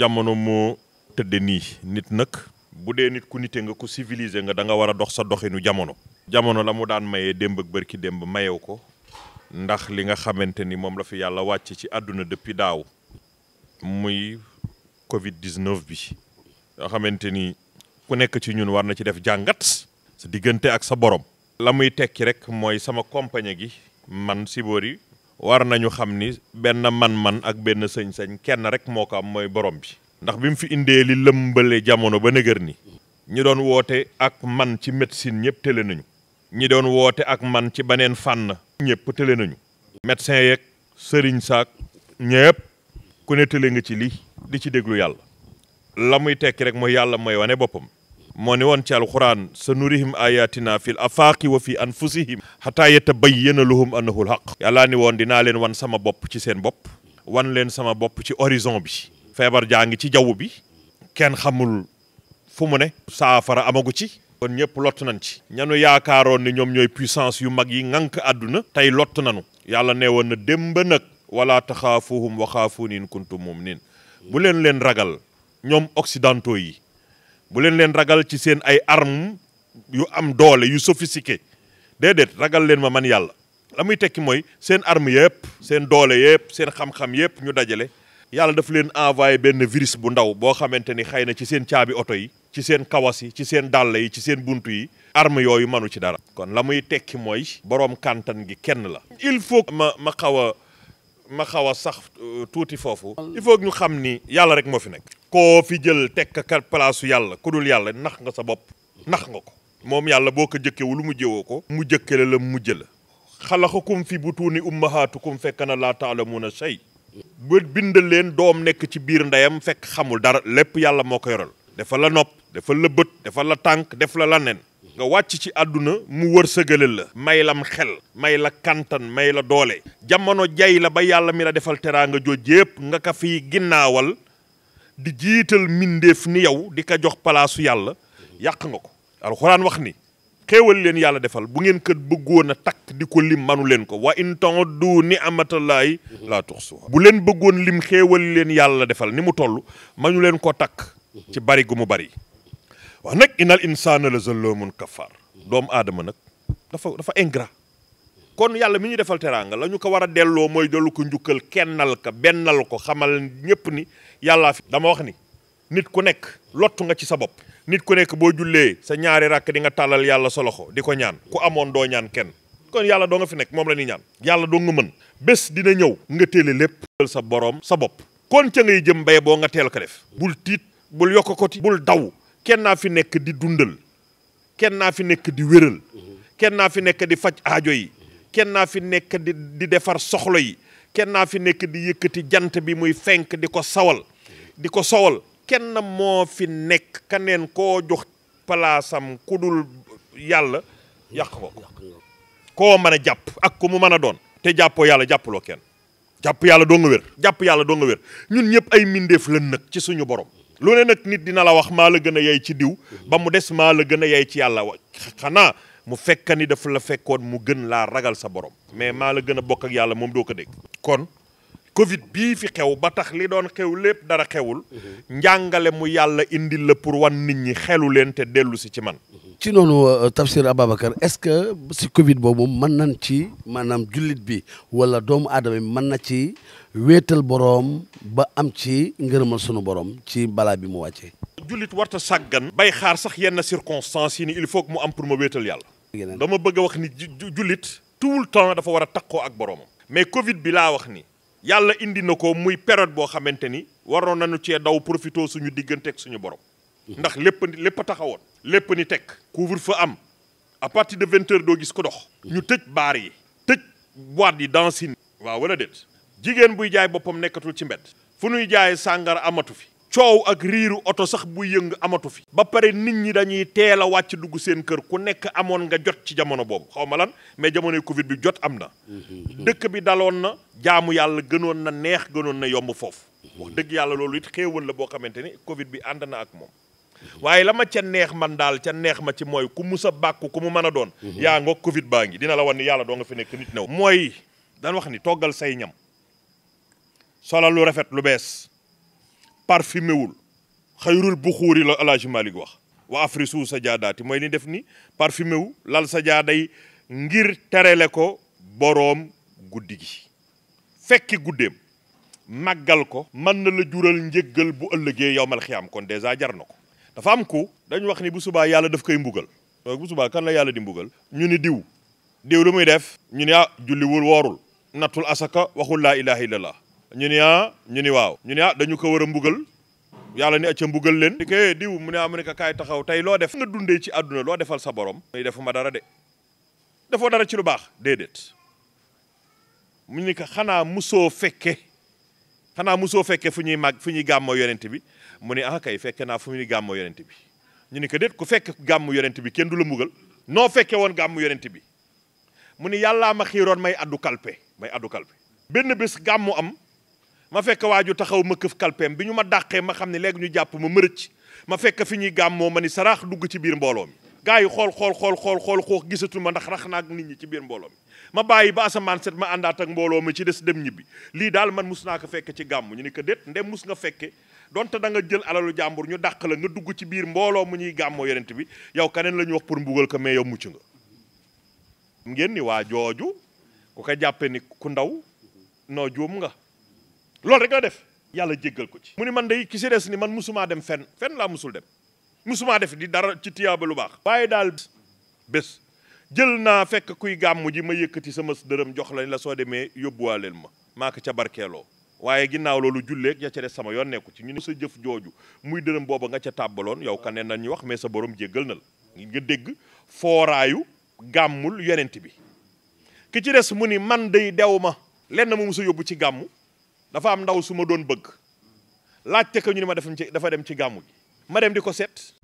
jamono moo tëdde nii nit nag bu dee nit ku nite nga ku civilisé nga da nga war a dox sa doxinu jamono jamono la mu daan mayee démb ak bërki démb mayew ko ndax li nga xamante ni moom la fi yàlla wàcc ci àdduna depuis daaw muy covid 19 bi yoo xamante ni ku nekk ci ñun war na ci def jàngat sa diggante ak sa borom la muy tekki rek mooy sama compagnie gi man Sibori war nañu xam ni benn man-man ak benn sëñ sëñ kenn rek moo ko am mooy borom bi ndax bi mu fi indee li lëmbale jamono ba nëgër ni ñi doon woote ak man ci médecine ñëpp tële nañu ñi doon woote ak man ci beneen fànn ñëpp tële nañu médecin yeeg sëriñ saak ñëpp ku ne tële nga ci lii di ci déglu yàlla la muy tekki rek mooy yàlla mooy wane boppam moo ne woon ci alquran sa nurihim ayatina fil afaaqi wa fi anfusihim xataa yatabayyana lahum annahu alhaq yàllaa ni woon dinaa leen wan sama bopp ci seen bopp wan leen sama bopp ci horizon bi feebar jaa ngi ci jaww bi kenn xamul fu mu ne saafara amagu ci kon ñëpp lott nañ ci ñanu yaakaaroon ne ñoom ñooy puissance yu mag yi ŋànk àdduna tey lott nanu yàlla ne woon na démb nag wala taxaafuhum wa nin in kuntum muminin bu leen leen ragal ñoom occidentaux yi bu leen leen ragal ci seen ay armes yu am doole yu sophistiqué déedéet ragal leen ma man yàlla la muy tekki mooy seen armes yëpp seen doole yëpp seen xam-xam yëpp ñu dajale yàlla daf leen envoyé benn virus bu ndaw boo xamante ni xëy na ci seen caabi oto yi ci seen kawas yi ci seen dàll yi ci seen bunt yi arme yooyu manu ci dara kon la muy tekki mooy boroom kantan gi kenn la il faut ma ma xaw ma xaw a sax euh, tuuti foofu. il faut ñu xam ni yàlla rek moo fi nekk. koo fi jël tekk ka palaasu yàlla ku dul yàlla nax nga sa bopp nax nga ko. moom yàlla boo ko jëkkewu lu mu jëwoo ko. mu jëkkale la mu jëla xalaxakum fi butuuni ummahaatukum fekk na laa taalamuuna shay ba bindal leen doom nekk ci biir ndeyam fekk xamul dara lépp yàlla moo ko yoral. defal la nopp defal la bët dafa la tànk def la lanen nga wàcc ci àdduna mu wër sëgalel la may lam xel may la kantan may la doole jamono jay la ba yàlla mi la defal teraanga jooj yépp nga ka fiy ginnaawal di jiital mbindeef ni yow di ko jox palaasu yàlla yàq nga ko alxuraan wax ni xéewal leen yàlla defal bu ngeen kat bëggoon a takk di ko lim manu leen ko wa in ta'uddu ni'matallaahi laa tuhsuha bu leen bëggoon lim xéewal leen yàlla defal ni mu toll manu leen ko takk ci bari gu mu bari wax nag inal insaana la zallumun kafar doomu aadama nag dafa dafa ingrat kon yàlla mi ñu defal teraanga la ñu ko war a delloo mooy dellu ko njukkal kennal ka bennal ko xamal ñépp ni yàllaa fi dama wax ni nit ku nekk lottu nga ci sa bopp nit ku nekk boo jullee sa ñaari rakk di nga tàllal yàlla sa loxo di ko ñaan ku amoon doo ñaan kenn kon yàlla doo nga fi nekk moom la ñuy ñaan yàlla doo nga mën bés dina ñëw nga téele lépp sa boroom sa bopp kon ca ngay jëm bay boo nga teel ko def bul tiit bul yokk ko ti daw kenn naa fi nekk di dundal kenn naa fi nekk di wéral kenn naa fi nekk di faj aajo yi kenn naa fi nekk di di defar soxla yi kenn naa fi nekk di yëkkati jant bi muy fenk di ko sawal di ko sowal kenn moo fi nekk keneen koo jox palaasam ku dul yàlla yàq ko koo mën a jàpp ak ko mu mën a doon te jàppoo yàlla jàppaloo kenn jàpp yàlla doo nga wér jàpp yàlla doo nga wér ñun ñëpp ay mbindeef lan nag ci suñu borom lu ne nag nit dina la wax maa la gën a yey ci diw ba mu des maa la gën a yey ci yàlla wa xanaa mu fekka ni dafa la fekkoon mu gën laa ragal sa borom mais maa la gën a bokk ak yàlla moom doo ko dégg kon covid bii fi xew ba tax li doon xew lépp dara xewul mhm. njàngale mu yàlla indil la pour wan nit ñi xelu leen te dellu si ci man ci noonu euh, Tafsir Ababacar est-ce que si Covid boobu mën nañ ci maanaam jullit bi wala doomu aadama bi mën na ci wéetal boroom ba am ci ngërëmal sunu boroom ci balaa bi mu wàccee. jullit warta sàggan bay xaar sax yenn circonstances yi ni il faut mu am pour ma wéetal yàlla. dama bëgg a wax ni jullit tout le temps dafa war a takkoo ak boroomam. mais Covid bi laa wax ni. yàlla indi na ko muy période boo xamante ni waroon nañu cee daw profité suñu diggante suñu borom. Hmm. ndax lépp lépp taxawoon. lépp ni teg couvre-feu am à partir de vingt doo gis ko dox ñu tëj baar yi tëj boîte yi dancing waaw wala déet jigéen buy jaay boppam nekkatul ci mbedd fu nuy jaay sàngara amatu fi coow ak riiru oto sax buy yëng amatu fi ba pare nit ñi dañuy teel a wàcc dugg seen kër ku nekk amoon nga jot ci jamono boobu xaw ma lan mais jamonoy covid bi jot am na mhm. dëkk bi daloon na jaamu yàlla gënoon na neex gënoon na yomb foofu mhm. wax dëgg yàlla loolu it xéewoon la boo xamante ni covid bi ànd na ak moom waaye la ma ca neex man daal ca neex ma ci mooy ku mus a bàkku ku mu mën a doon mhm. yaa nga covid baa ngi dina la wan ni yàlla doo nga fi nekk nit new mooy dan wax ni toggal say ñam solal lu rafet lu bees parfumé wul xayrul buxuuri la alaaji Malik wax wa afrisu sa jaadaati mooy ni def ni parfumé wu lal sa jaaday ngir terele ko boroom guddi gi fekki guddeem màggal ko mën na la jural njëggal bu ëllëgee yowmal xiyaam kon dèjà jar na ko dafa am ku dañu wax ni bu subaa yàlla def koy mbugal euh, bu subaa kan la yàlla di mbugal ñu ni diw diw lu muy def ñu ni ah julliwul woorul natul asaka waxul laa ilaha illallah ñu ni ah ñu ni waaw ñu ni ah, dañu ko war a mbugal yàlla ni acca mbugal leen di ko eh, diw mu ne ah mu ne ko taxaw tey loo def nga dundee ci àdduna loo defal sa borom muy defuma dara de defoo dara ci lu baax déedéet mu ni ko xanaa musoo fekke xanaa musoo fekke fu ñuy màgg fu ñuy gàmmoo yonent bi mu ne ah kay fekke naa fu mu ni gàmmu yonent bi ñu ni ko déet ku fekk gàmmu yonent bi kenn du la mbugal noo fekke woon gàmmu yonent bi mu ni yàllaa ma xiiroon may addu kalpe may addu kalpe benn bés gàmmu am ma fekk waaju taxaw ma këf kalpeem bi ñu ma daqee ma xam ne léegi ñu jàpp ma mërëc ma fekk fi ñuy gàmmoo ma ni saraax dugg ci biir mbooloo mi gars yi xool xool xool xool xool xoox gisatu ma ndax rax naa ak nit ñi ci biir mbooloo mi ma bàyyi ba asamaan set ma àndaat ak mbooloo mi ci des dem ñibbi lii daal man mus naa ko fekke ci gàmm ñu ni ko déet ndem mus nga fekke donte da nga jël alalu jàmbur ñu dàq la nga dugg ci biir mbooloo mu ñuy gàmmoo yonent bi yow keneen la ñu wax pour mbugal ko mais yow mucc nga ngeen ni waa jooju ko jàppe ni ku ndaw noo juum nga loolu rek nga def yàlla jéggal ko ci mu ni man day ki si des ni man musumaa dem fenn fenn laa musul dem musumaa def di dara ci tiyaaba lu baax waaye daal bés jël naa fekk kuy gàmmu ji ma yëkkati sama dërëm jox la la soo demee yóbbuwaaleel ma maa ko ca barkeeloo waaye ginnaaw loolu julleeg ya ca des sama yoon nekku ci ñu ne sa jëf jooju muy dërëm booba nga ca tàbbaloon yow ka ne nañu wax mais sa borom jéggal na la nga dégg fooraayu gàmmul yonent bi ki ci des mu ni man day dew ma lenn mu musa yóbbu ci gàmmu dafa am ndaw su ma doon bëgg laajte ko ñu ne ma dafa dem ci gàmmu gi ma dem di ko seet